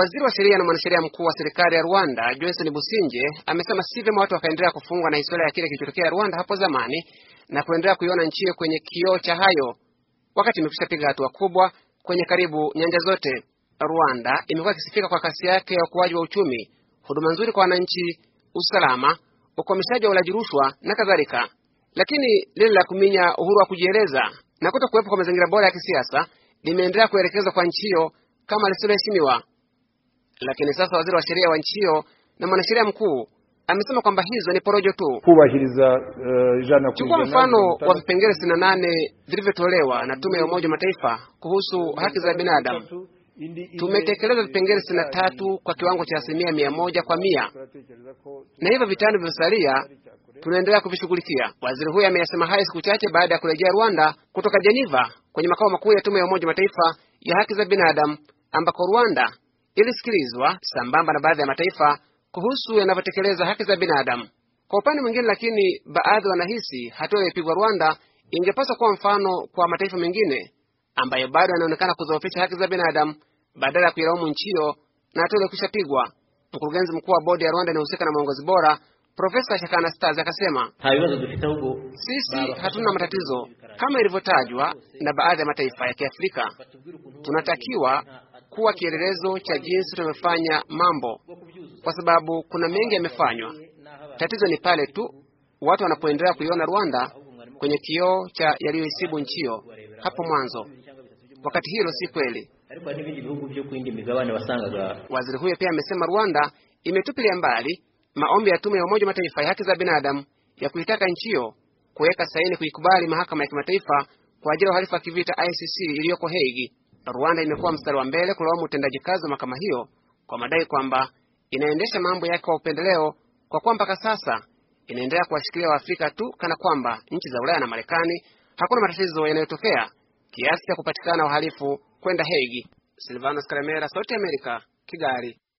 Waziri wa sheria na mwanasheria mkuu wa serikali ya Rwanda Johnson Businje amesema si vyema watu wakaendelea kufungwa na historia ya kile kilichotokea Rwanda hapo zamani na kuendelea kuiona nchi hiyo kwenye kioo cha hayo, wakati imekwisha piga hatua kubwa kwenye karibu nyanja zote. Rwanda imekuwa ikisifika kwa kasi yake ya ukuaji wa uchumi, huduma nzuri kwa wananchi, usalama, ukomeshaji wa ulaji rushwa na kadhalika, lakini lile la kuminya uhuru wa kujieleza na kuto kuwepo kwa mazingira bora ya kisiasa limeendelea kuelekezwa kwa nchi hiyo kama lisiloheshimiwa. Lakini sasa waziri wa sheria wa nchi hiyo na mwanasheria mkuu amesema kwamba hizo ni porojo tu. Eh, Chukua uh, mfano wa vipengele sitini na nane vilivyotolewa na tume ya Umoja wa Mataifa kuhusu haki za binadamu. Tumetekeleza vipengele sitini na tatu kwa kiwango cha asilimia mia moja kwa mia, na hivyo vitano vivyosalia tunaendelea kuvishughulikia. Waziri huyo ameyasema hayo siku chache baada ya kurejea Rwanda kutoka Geneva kwenye makao makuu ya tume ya Umoja wa Mataifa ya haki za binadamu ambako Rwanda ilisikilizwa sambamba na baadhi ya mataifa kuhusu yanavyotekeleza haki za binadamu. Kwa upande mwingine, lakini baadhi wanahisi hatua iliyopigwa Rwanda ingepaswa kuwa mfano kwa mataifa mengine ambayo bado yanaonekana kudhoofisha haki za binadamu badala ya kuilaumu nchi hiyo na hatua iliyokwisha pigwa. Mkurugenzi mkuu wa bodi ya Rwanda inahusika na mwongozi bora Profesa Shakana Stars akasema sisi hatuna matatizo kama ilivyotajwa na baadhi ya mataifa ya Kiafrika. Tunatakiwa kuwa kielelezo cha jinsi tunavyofanya mambo, kwa sababu kuna mengi yamefanywa. Tatizo ni pale tu watu wanapoendelea kuiona Rwanda kwenye kioo cha yaliyoisibu nchiyo hapo mwanzo, wakati hilo si kweli. Waziri huyo pia amesema Rwanda imetupilia mbali maombi ya tume ya Umoja wa Mataifa ya haki za binadamu ya kuitaka nchiyo kuweka saini kuikubali mahakama ya kimataifa kwa ajili ya uhalifu wa kivita ICC iliyoko Hague. Rwanda imekuwa mstari wa mbele kulaumu utendaji kazi wa mahakama hiyo kwa madai kwamba inaendesha mambo yake kwa upendeleo, kwa kuwa mpaka sasa inaendelea kuwashikilia Waafrika tu kana kwamba nchi za Ulaya na Marekani hakuna matatizo yanayotokea kiasi cha kupatikana wahalifu kwenda Hague. Silvanus Karemera, Sauti ya Amerika, Kigali.